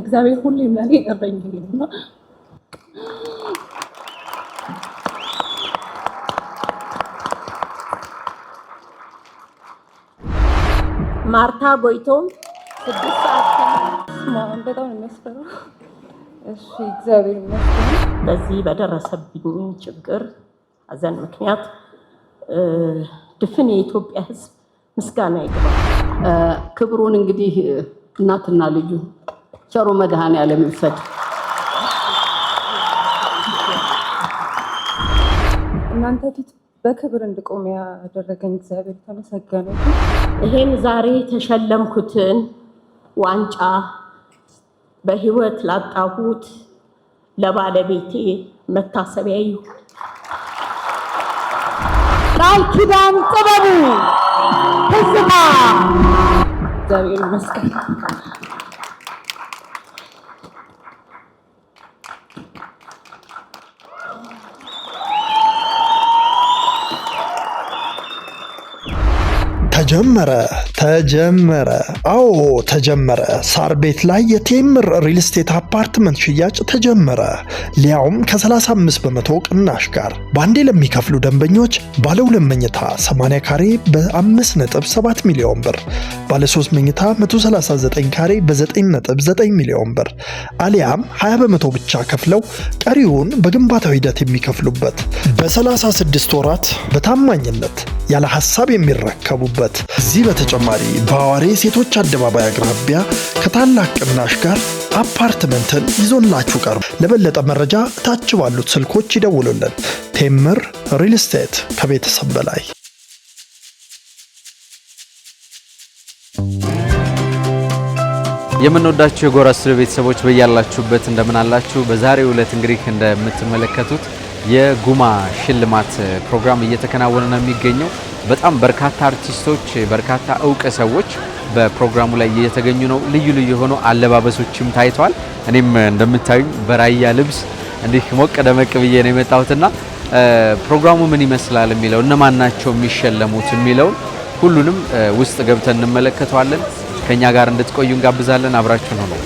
እግዚአብሔር ሁሌም ለኔ እረኝ ማርታ ጎይቶም ስድስት ሰዓት ማን በጣም እሺ፣ እግዚአብሔር ይመስገን። በዚህ በደረሰብኝ ችግር ሀዘን ምክንያት ድፍን የኢትዮጵያ ሕዝብ ምስጋና ይገባል። ክብሩን እንግዲህ እናትና ልዩ ቸሩ መድኃኔዓለም ይውሰድ። እናንተ ፊት በክብር እንድቆም ያደረገኝ እግዚአብሔር ተመሰገነ። ይሄን ዛሬ ተሸለምኩትን ዋንጫ በህይወት ላጣሁት ለባለቤቴ መታሰቢያ ይሁን። ቃል ኪዳን ጥበቡ ህዝባ እግዚአብሔር ይመስገን። ተጀመረ። ተጀመረ። አዎ ተጀመረ። ሳር ቤት ላይ የቴምር ሪል ስቴት አፓርትመንት ሽያጭ ተጀመረ። ሊያውም ከ35 በመቶ ቅናሽ ጋር በአንዴ ለሚከፍሉ ደንበኞች ባለ ሁለት መኝታ 80 ካሬ በ5.7 ሚሊዮን ብር፣ ባለ 3 መኝታ 139 ካሬ በ9.9 ሚሊዮን ብር አሊያም 20 በመቶ ብቻ ከፍለው ቀሪውን በግንባታው ሂደት የሚከፍሉበት በ36 ወራት በታማኝነት ያለ ሀሳብ የሚረከቡበት እዚህ በተጨማ በተጨማሪ በአዋሬ ሴቶች አደባባይ አቅራቢያ ከታላቅ ቅናሽ ጋር አፓርትመንትን ይዞላችሁ ቀርቡ። ለበለጠ መረጃ ታች ባሉት ስልኮች ይደውሉልን። ቴምር ሪል ስቴት ከቤተሰብ በላይ የምንወዳችሁ የጎራ ስቱዲዮ ቤተሰቦች በያላችሁበት እንደምን አላችሁ? በዛሬው ዕለት እንግዲህ እንደምትመለከቱት የጉማ ሽልማት ፕሮግራም እየተከናወነ ነው የሚገኘው። በጣም በርካታ አርቲስቶች፣ በርካታ እውቅ ሰዎች በፕሮግራሙ ላይ እየተገኙ ነው። ልዩ ልዩ የሆኑ አለባበሶችም ታይተዋል። እኔም እንደምታዩኝ በራያ ልብስ እንዲህ ሞቅ ደመቅ ብዬ ነው የመጣሁትና ፕሮግራሙ ምን ይመስላል የሚለው እነማን ናቸው የሚሸለሙት የሚለውን ሁሉንም ውስጥ ገብተን እንመለከተዋለን። ከእኛ ጋር እንድትቆዩ እንጋብዛለን። አብራችሁን ሆነው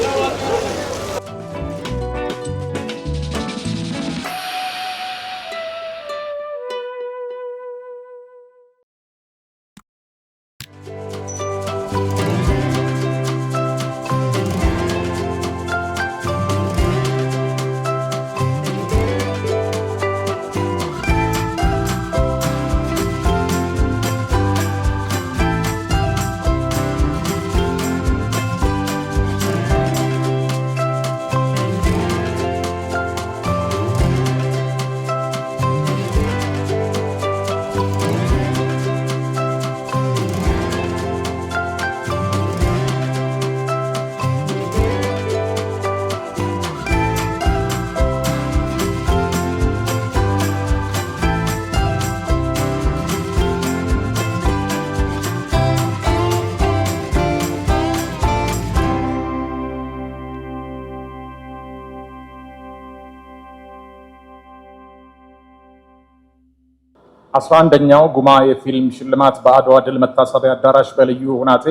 11ኛው ጉማ የፊልም ሽልማት በአድዋ ድል መታሰቢያ አዳራሽ በልዩ ሁናቴ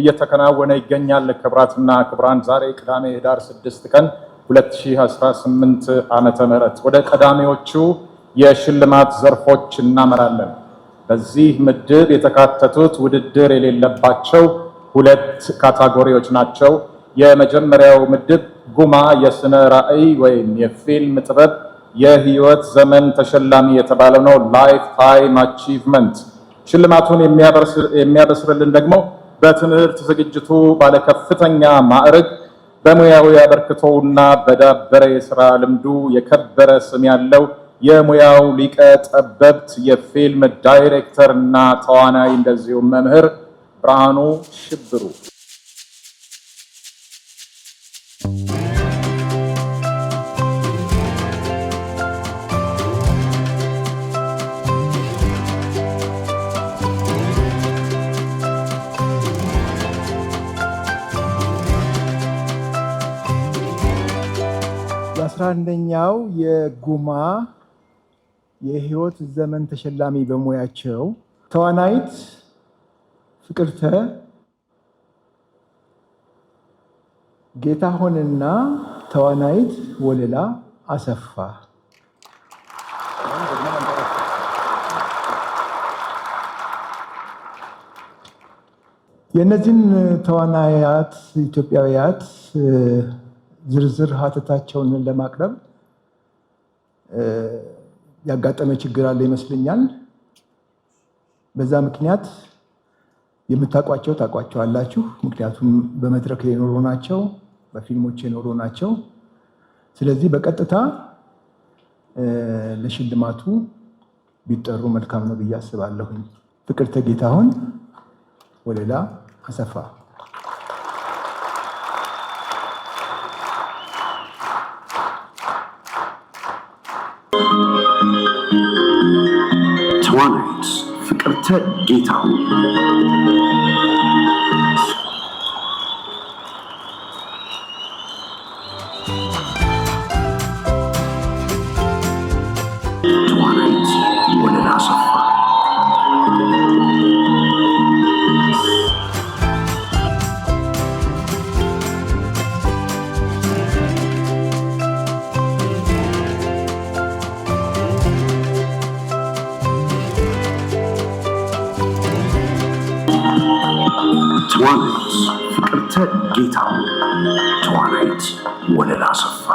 እየተከናወነ ይገኛል። ክብራትና ክብራን ዛሬ ቅዳሜ ህዳር 6 ቀን 2018 ዓመተ ምህረት ወደ ቀዳሚዎቹ የሽልማት ዘርፎች እናመራለን። በዚህ ምድብ የተካተቱት ውድድር የሌለባቸው ሁለት ካታጎሪዎች ናቸው። የመጀመሪያው ምድብ ጉማ የስነ ራዕይ ወይም የፊልም ጥበብ የህይወት ዘመን ተሸላሚ የተባለው ነው። ላይፍ ታይም አቺቭመንት ሽልማቱን የሚያበስርልን ደግሞ በትምህርት ዝግጅቱ ባለከፍተኛ ማዕረግ በሙያዊ አበርክቶውና በዳበረ የስራ ልምዱ የከበረ ስም ያለው የሙያው ሊቀ ጠበብት የፊልም ዳይሬክተር እና ተዋናይ እንደዚሁም መምህር ብርሃኑ ሽብሩ አስራ አንደኛው የጉማ የህይወት ዘመን ተሸላሚ በሙያቸው ተዋናይት ፍቅርተ ጌታሁንና ተዋናይት ወለላ አሰፋ። የእነዚህን ተዋናያት ኢትዮጵያውያት ዝርዝር ሀተታቸውን ለማቅረብ ያጋጠመ ችግር አለ ይመስለኛል። በዛ ምክንያት የምታውቋቸው ታውቋቸዋላችሁ። ምክንያቱም በመድረክ የኖሩ ናቸው፣ በፊልሞች የኖሩ ናቸው። ስለዚህ በቀጥታ ለሽልማቱ ቢጠሩ መልካም ነው ብዬ አስባለሁኝ። ፍቅርተ ጌታሁን ወሌላ አሰፋ ፍቅርተ ጌታ ተዋናዮች ፈቅርተ ጌታው ተዋናይት ወለላ አሰፋ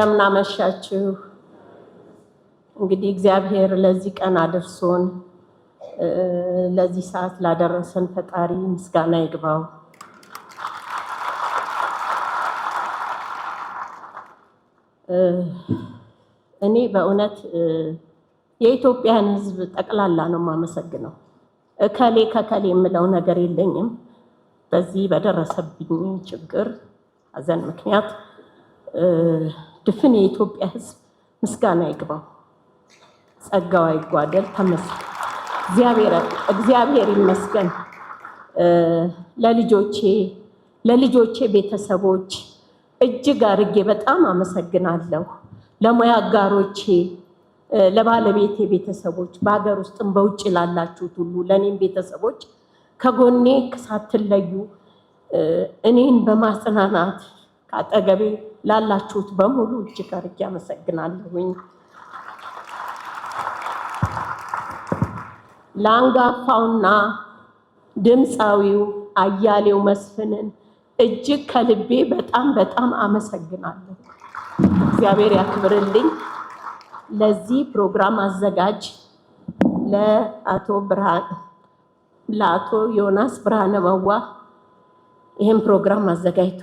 እንደምናመሻችሁ እንግዲህ እግዚአብሔር ለዚህ ቀን አድርሶን ለዚህ ሰዓት ላደረሰን ፈጣሪ ምስጋና ይግባው። እኔ በእውነት የኢትዮጵያን ሕዝብ ጠቅላላ ነው የማመሰግነው። እከሌ ከከሌ የምለው ነገር የለኝም። በዚህ በደረሰብኝ ችግር ሐዘን ምክንያት ድፍን የኢትዮጵያ ሕዝብ ምስጋና ይግባው፣ ጸጋው አይጓደል። ተመስገን እግዚአብሔር ይመስገን። ለልጆቼ ለልጆቼ ቤተሰቦች እጅግ አርጌ በጣም አመሰግናለሁ። ለሙያ አጋሮቼ፣ ለባለቤቴ ቤተሰቦች፣ በሀገር ውስጥም በውጭ ላላችሁት ሁሉ ለእኔም ቤተሰቦች ከጎኔ ሳትለዩ እኔን በማጽናናት ከአጠገቤ ላላችሁት በሙሉ እጅግ አድርጌ አመሰግናለሁኝ። ለአንጋፋውና ድምፃዊው አያሌው መስፍንን እጅግ ከልቤ በጣም በጣም አመሰግናለሁ። እግዚአብሔር ያክብርልኝ። ለዚህ ፕሮግራም አዘጋጅ ለአቶ ብርሃን ለአቶ ዮናስ ብርሃነ መዋ ይህን ፕሮግራም አዘጋጅቶ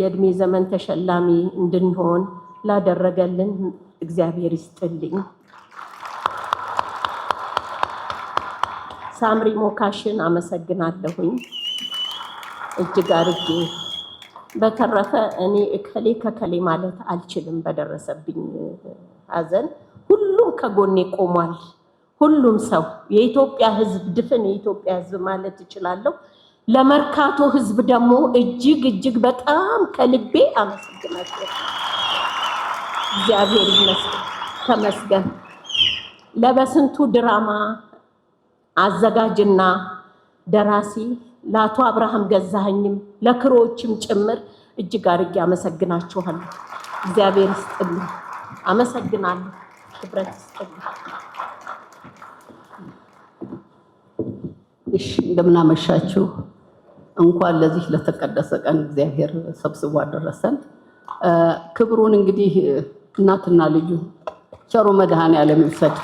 የእድሜ ዘመን ተሸላሚ እንድንሆን ላደረገልን እግዚአብሔር ይስጥልኝ። ሳምሪ ሞካሽን አመሰግናለሁኝ እጅግ አርጌ። በተረፈ እኔ እከሌ ከከሌ ማለት አልችልም። በደረሰብኝ ሐዘን ሁሉም ከጎኔ ቆሟል። ሁሉም ሰው የኢትዮጵያ ሕዝብ ድፍን የኢትዮጵያ ሕዝብ ማለት እችላለሁ። ለመርካቶ ህዝብ ደግሞ እጅግ እጅግ በጣም ከልቤ አመሰግናለሁ። እግዚአብሔር ይመስገን ተመስገን። ለበስንቱ ድራማ አዘጋጅና ደራሲ ለአቶ አብርሃም ገዛኸኝም ለክሮዎችም ጭምር እጅግ አድርጌ አመሰግናችኋለሁ። እግዚአብሔር ይስጥልኝ። አመሰግናለሁ። ክብረት ይስጥልኝ። እሺ እንደምናመሻችሁ እንኳን ለዚህ ለተቀደሰ ቀን እግዚአብሔር ሰብስቦ አደረሰን። ክብሩን እንግዲህ እናትና ልዩ ቸሩ መድኃኔዓለም ይውሰድ።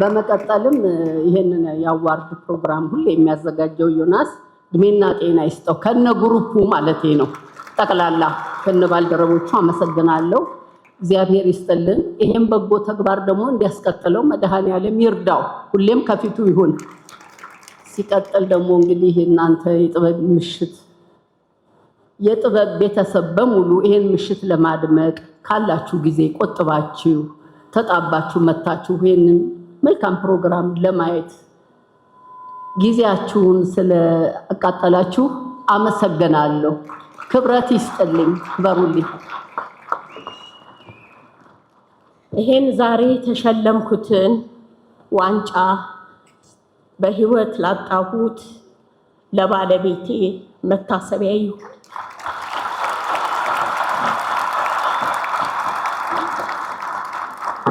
በመቀጠልም ይህንን የአዋርድ ፕሮግራም ሁሌ የሚያዘጋጀው ዮናስ እድሜና ጤና ይስጠው ከነ ግሩፑ ማለት ነው። ጠቅላላ ከነ ባልደረቦቹ አመሰግናለሁ። እግዚአብሔር ይስጥልን። ይሄም በጎ ተግባር ደግሞ እንዲያስቀጥለው መድኃኔዓለም ይርዳው፣ ሁሌም ከፊቱ ይሁን። ሲቀጥል ደግሞ እንግዲህ እናንተ የጥበብ ምሽት የጥበብ ቤተሰብ በሙሉ ይሄን ምሽት ለማድመቅ ካላችሁ ጊዜ ቆጥባችሁ ተጣባችሁ መታችሁ ይሄንን መልካም ፕሮግራም ለማየት ጊዜያችሁን ስለአቃጠላችሁ አመሰግናለሁ። ክብረት ይስጥልኝ። ክበሩልኝ። ይሄን ዛሬ የተሸለምኩትን ዋንጫ በህይወት ላጣሁት ለባለቤቴ መታሰቢያ ይሁን።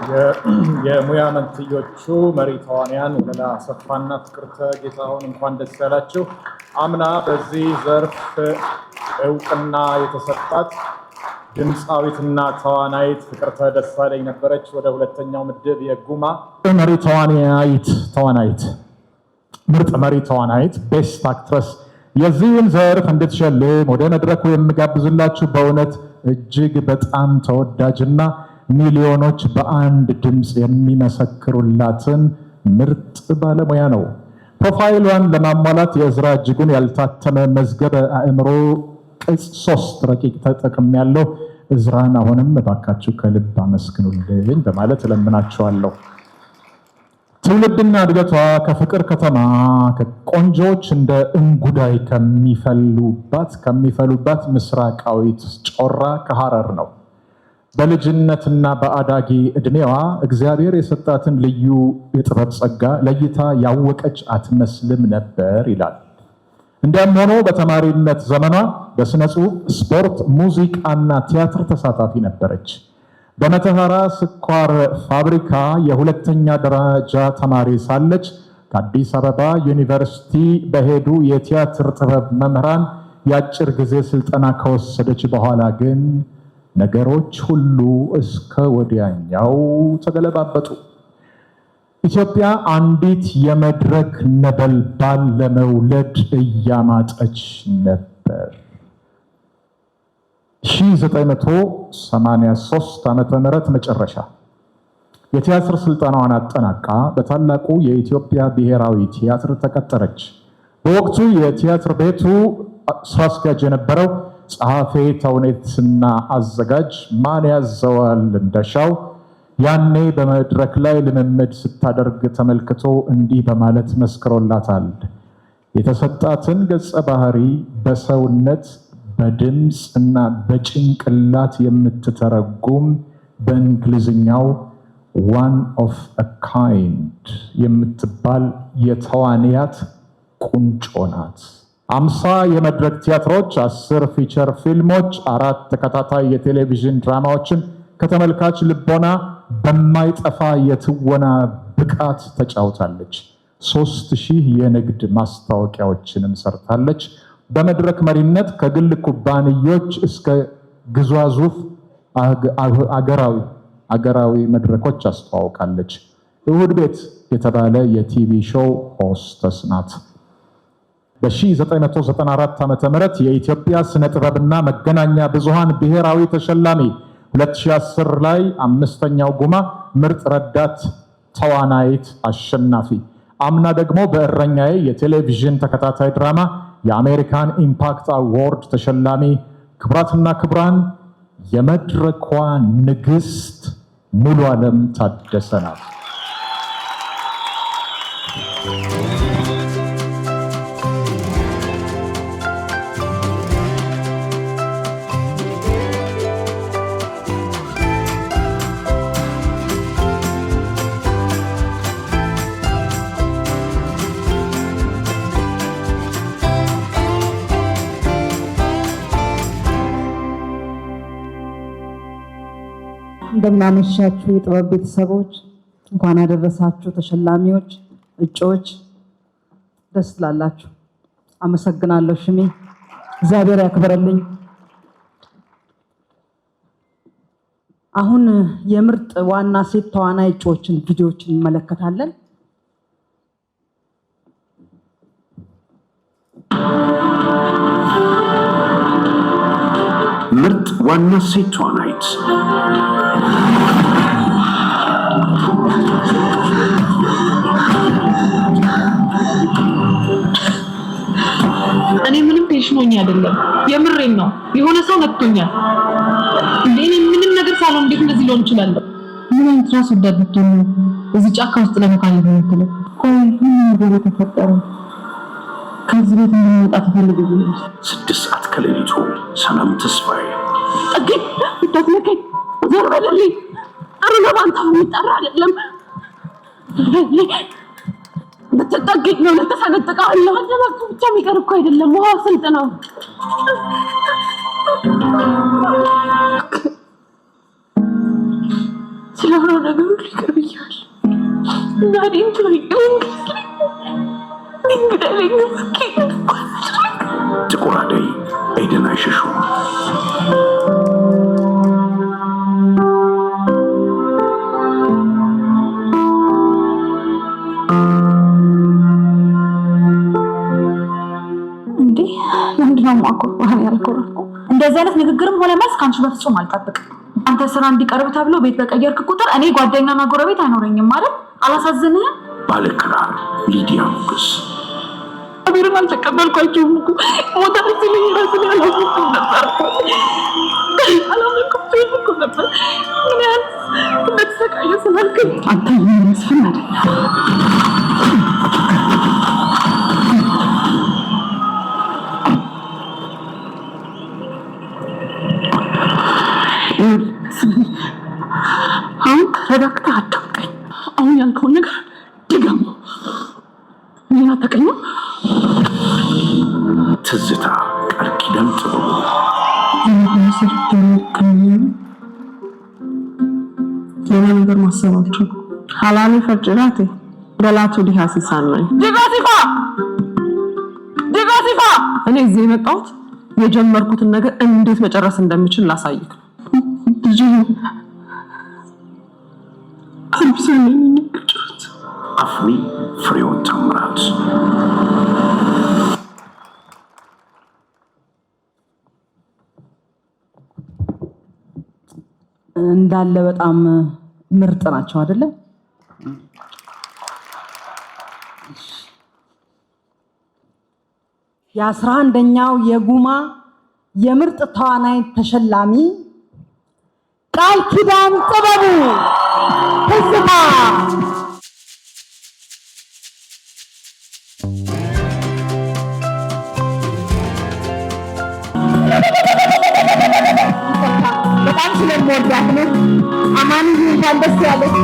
የሙያ መንትዮቹ መሪ ተዋንያን ወለላ አሰፋና ፍቅርተ ጌታሁን እንኳን ደስ ያላችሁ። አምና በዚህ ዘርፍ እውቅና የተሰጣት ድምፃዊትና ተዋናይት ፍቅርተ ደሳለኝ ነበረች። ወደ ሁለተኛው ምድብ የጉማ መሪ ተዋናይት ተዋናይት ምርጥ መሪ ተዋናይት ቤስት አክትረስ የዚህን ዘርፍ እንድትሸልም ወደ መድረኩ የምጋብዝላችሁ በእውነት እጅግ በጣም ተወዳጅና ሚሊዮኖች በአንድ ድምፅ የሚመሰክሩላትን ምርጥ ባለሙያ ነው። ፕሮፋይሏን ለማሟላት የእዝራ እጅጉን ያልታተመ መዝገበ አእምሮ ቅጽ ሶስት ረቂቅ ተጠቅም ያለው እዝራን አሁንም እባካችሁ ከልብ አመስግኑልኝ በማለት እለምናችኋለሁ። ትውልድና እድገቷ ከፍቅር ከተማ ከቆንጆዎች እንደ እንጉዳይ ከሚፈሉባት ከሚፈሉባት ምስራቃዊት ጮራ ከሐረር ነው። በልጅነትና በአዳጊ እድሜዋ እግዚአብሔር የሰጣትን ልዩ የጥበብ ጸጋ ለይታ ያወቀች አትመስልም ነበር ይላል። እንዲያም ሆኖ በተማሪነት ዘመኗ በስነ ጽሁፍ፣ ስፖርት፣ ሙዚቃና ቲያትር ተሳታፊ ነበረች። በመተሐራ ስኳር ፋብሪካ የሁለተኛ ደረጃ ተማሪ ሳለች ከአዲስ አበባ ዩኒቨርሲቲ በሄዱ የቲያትር ጥበብ መምህራን የአጭር ጊዜ ስልጠና ከወሰደች በኋላ ግን ነገሮች ሁሉ እስከ ወዲያኛው ተገለባበጡ። ኢትዮጵያ አንዲት የመድረክ ነበልባል ለመውለድ እያማጠች ነበር። 1983 ዓ ም መጨረሻ የቲያትር ስልጠናዋን አጠናቃ በታላቁ የኢትዮጵያ ብሔራዊ ቲያትር ተቀጠረች። በወቅቱ የቲያትር ቤቱ ስራ አስኪያጅ የነበረው ጸሐፌ ተውኔትና አዘጋጅ ማን ያዘዋል እንደሻው ያኔ በመድረክ ላይ ልምምድ ስታደርግ ተመልክቶ እንዲህ በማለት መስክሮላታል። የተሰጣትን ገጸ ባህሪ በሰውነት በድምፅ እና በጭንቅላት የምትተረጉም በእንግሊዝኛው ዋን ኦፍ አ ካይንድ የምትባል የተዋንያት ቁንጮ ናት። አምሳ የመድረክ ቲያትሮች፣ አስር ፊቸር ፊልሞች፣ አራት ተከታታይ የቴሌቪዥን ድራማዎችን ከተመልካች ልቦና በማይጠፋ የትወና ብቃት ተጫውታለች። ሶስት ሺህ የንግድ ማስታወቂያዎችንም ሰርታለች። በመድረክ መሪነት ከግል ኩባንያዎች እስከ ግዙፍ አገራዊ አገራዊ መድረኮች አስተዋውቃለች። እሁድ ቤት የተባለ የቲቪ ሾው ሆስተስ ናት። በ1994 ም የኢትዮጵያ ስነ ጥበብና መገናኛ ብዙሃን ብሔራዊ ተሸላሚ 2010 ላይ አምስተኛው ጉማ ምርጥ ረዳት ተዋናይት አሸናፊ፣ አምና ደግሞ በእረኛዬ የቴሌቪዥን ተከታታይ ድራማ የአሜሪካን ኢምፓክት አዋርድ ተሸላሚ። ክብራትና ክብራን የመድረኳ ንግስት ሙሉ ዓለም ታደሰ ናት። እንደምናመሻችሁ የጥበብ ቤተሰቦች እንኳን አደረሳችሁ ተሸላሚዎች፣ እጩዎች ደስ ላላችሁ አመሰግናለሁ። ሽሜ እግዚአብሔር ያክብረልኝ። አሁን የምርጥ ዋና ሴት ተዋናይ እጩዎችን ቪዲዮዎችን እንመለከታለን። ዋና ሴት ተዋናይት እኔ ምንም ቴንሽኖኝ አይደለም፣ የምሬን ነው። የሆነ ሰው ነክቶኛል። እኔ ምንም ነገር ሳልሆን እንዴት እንደዚህ ሊሆን ይችላለሁ? ምን አይነት ራስ ወዳድ ነው? እዚህ ጫካ ውስጥ ለመካል የሚትለ ቆይ፣ ምን ነገር የተፈጠረ ከዚህ ቤት እንደመውጣት ፈልግ። ስድስት ሰዓት ከሌሊቱ ሰላም ተስፋዬ ጠገኝ ብታትነከኝ ዘር በልልኝ። አረና ባንተ የሚጠራ አይደለም ብትጠገኝ ነው ለተሰነጥቀዋለሁ። አለባሱ ብቻ የሚቀር እኮ አይደለም፣ ውሃ ስልጥ ነው። ስለሆነ ነገሩ ሊቀር ብያለሁ እና በፍጹም አልጠብቅም። አንተ ስራ እንዲቀርብ ተብሎ ቤት በቀየርክ ቁጥር እኔ ጓደኛና ጎረቤት አይኖረኝም ማለት አላሳዝንህም? ባለክራር ሊዲያ ሙገስ አብሔርን አልተቀበልኳቸውም እኮ ሞታ ስልኝ ራስ አላወኩም ነበር አላወኩም ነበር ምን ያህል እንደተሰቃየ ስላልከኝ አንተ ስፍን አይደለም ተረጋግተህ አታውቀኝ። አሁን ያልከውን ነገር ድገሞ ምን አታውቀኝ። ትዝታ ቃል ኪዳን ጥሩ ሌላ ነገር ማሰባቸው ሀላሊ ፈጭራቴ ገላቱ ዲህ ነኝ ድጋሲፋ ድጋሲፋ እኔ እዚህ የመጣሁት የጀመርኩትን ነገር እንዴት መጨረስ እንደምችል ላሳይክ ነው። አፍሪ ፍሬውን ታምራት እንዳለ በጣም ምርጥ ናቸው አይደለ? የአስራ አንደኛው የጉማ የምርጥ ተዋናይ ተሸላሚ ቃል ኪዳን ጥበቡ ትዝታ በጣም ስለምወዳት ነው። አማን ይሁን ደስ ያለች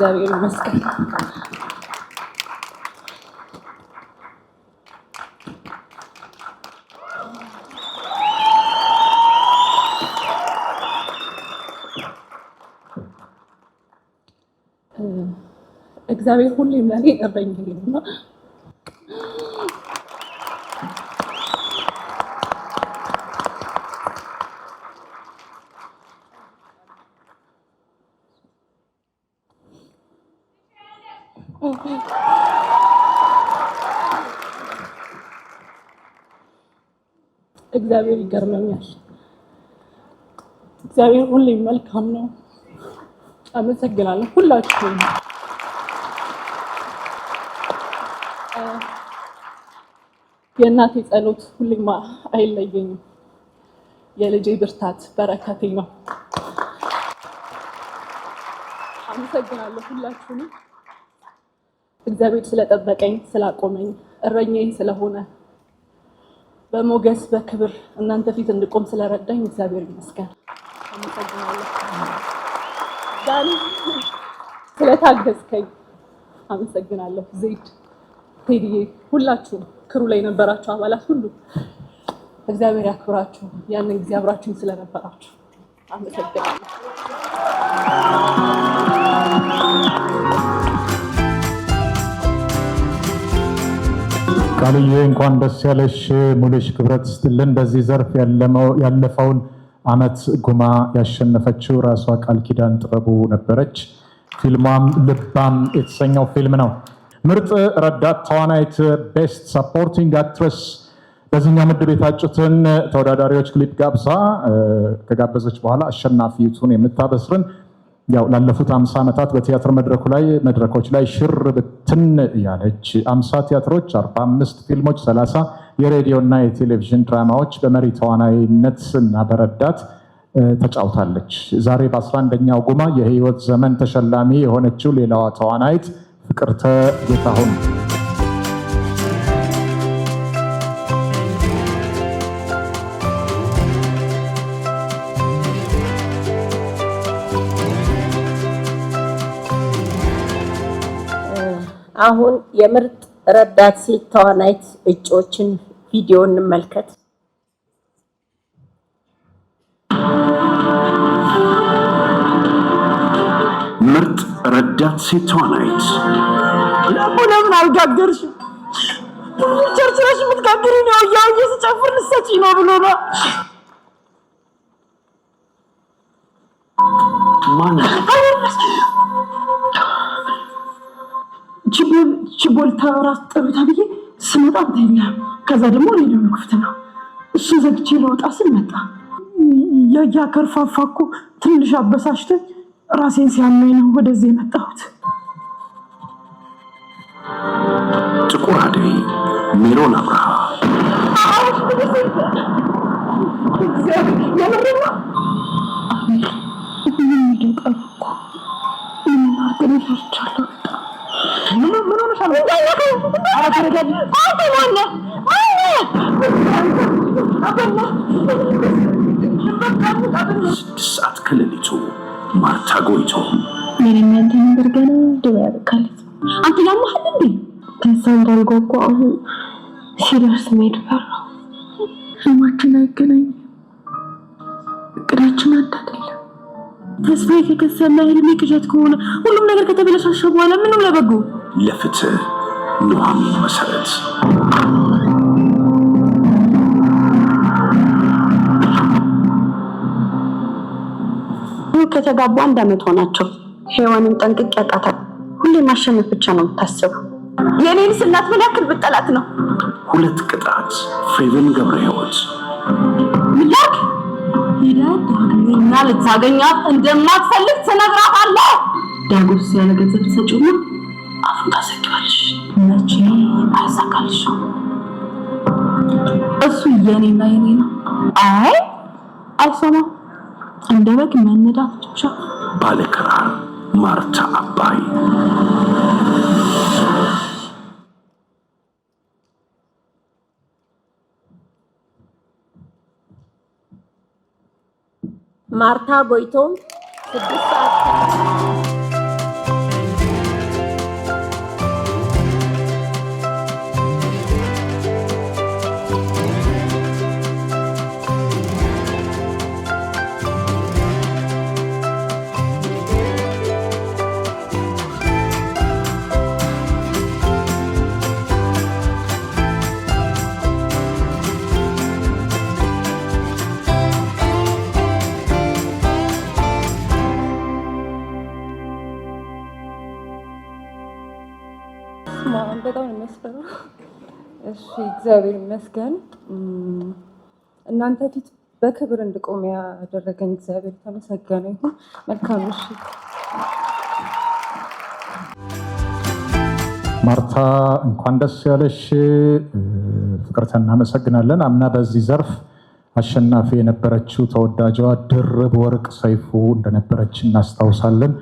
እግዚአብሔር ይመስገን። እግዚአብሔር ሁሌም ለእኔ እረኛዬ ነው። እግዚአብሔር ይገርመኛል። እግዚአብሔር ሁሌም መልካም ነው። አመሰግናለሁ ሁላችሁም። የእናቴ ጸሎት ሁሌም አይለየኝም። የልጄ ብርታት በረከቴ ነው። አመሰግናለሁ ሁላችሁንም። እግዚአብሔር ስለጠበቀኝ ስላቆመኝ እረኛዬ ስለሆነ በሞገስ በክብር እናንተ ፊት እንድቆም ስለረዳኝ እግዚአብሔር ይመስገን። አመሰግናለሁ ዳኒ ስለታገዝከኝ አመሰግናለሁ። ዘይድ ቴዲዬ፣ ሁላችሁም ክሩ ላይ የነበራችሁ አባላት ሁሉ እግዚአብሔር ያክብራችሁ። ያንን ጊዜ አብራችሁን ስለነበራችሁ አመሰግናለሁ። ቃልዬ እንኳን ደስ ያለሽ። ሙሉሽ ክብረት ስትልን በዚህ ዘርፍ ያለፈውን አመት ጉማ ያሸነፈችው ራሷ ቃል ኪዳን ጥበቡ ነበረች። ፊልሟም ልባም የተሰኘው ፊልም ነው። ምርጥ ረዳት ተዋናይት ቤስት ሰፖርቲንግ አክትረስ በዚህኛው ምድብ የታጩትን ተወዳዳሪዎች ክሊፕ ጋብሳ ከጋበዘች በኋላ አሸናፊቱን የምታበስርን ያው ላለፉት አምሳ ዓመታት በቲያትር መድረኩ ላይ መድረኮች ላይ ሽር ብትን ያለች አምሳ ቲያትሮች፣ አርባ አምስት ፊልሞች፣ ሰላሳ የሬዲዮና የቴሌቪዥን ድራማዎች በመሪ ተዋናይነት እና በረዳት ተጫውታለች። ዛሬ በ 11 ጉማ የህይወት ዘመን ተሸላሚ የሆነችው ሌላዋ ተዋናይት ፍቅርተ ጌታሁን አሁን የምርጥ ረዳት ሴት ተዋናይት እጩዎችን ቪዲዮ እንመልከት። ምርጥ ረዳት ሴት ተዋናይት ለሙ ለምን አልጋገርሽ? ቸርች ነሽ የምትጋግሪ ነው ያው ስጨፍር ልሰጪ ነው ብሎ ነው። ማን ሽቦልታ ራስ ጠብታ ብዬ ስመጣ አንተኛ፣ ከዛ ደግሞ ሌላው ክፍት ነው። እሱ ዘግቼ ለወጣ ስል መጣ። ያ ከርፋፋ እኮ ትንሽ አበሳሽተኝ፣ ራሴን ሲያመኝ ነው ወደዚህ የመጣሁት። ጥቁር አደይ ሜሮን አብርሃ ስድስት ሰዓት ከሌሊቱ ማርታ ጎይቶ ምን እናንተ ነገር ገና ድሮ ያበቃል። አንተ ያማሃል እንዴ? ከዛ እንዳልጓጓ አሁን ሲደርስ መሄድ ፈራሁ። ህልማችን አይገናኝም፣ እቅዳችን አንድ አይደለም። ተስፋዬ ከከሰና ህልሜ ቅዠት ከሆነ ሁሉም ነገር ከተበለሻሸ በኋላ ምንም ለበጎ ለፍትህ ኑሃሚን መሰረት ከተጋቡ አንድ አመት ሆናቸው። ሄዋንን ጠንቅቅ ያውቃታል። ሁሌ ማሸነፍ ብቻ ነው የምታስበው። የኔንስ እናት ምን ያክል ብጠላት ነው። ሁለት ቅጣት ፌቨን ገብረ ህይወት ምላክ ዳግመኛ ልታገኛት እንደማትፈልግ አለ። ዳጎስ ያለ ገንዘብ ነው ታሰኪዋለሽ መቼ አይሳካልሽም። እሱ የኔና የኔ ነው። አይ አልሰማ እንደ በግ መነዳት ብቻ። ባለክራር ማርታ አባይ ማርታ ጎይቶም ስድስት ሰዓት በጣም ነው የሚያስፈራው። እሺ እግዚአብሔር ይመስገን። እናንተ ፊት በክብር እንድቆም ያደረገኝ እግዚአብሔር የተመሰገነ ይሁን። መልካም እሺ። ማርታ እንኳን ደስ ያለሽ። ፍቅርተ እናመሰግናለን። አምና በዚህ ዘርፍ አሸናፊ የነበረችው ተወዳጇ ድርብ ወርቅ ሰይፉ እንደነበረች እናስታውሳለን።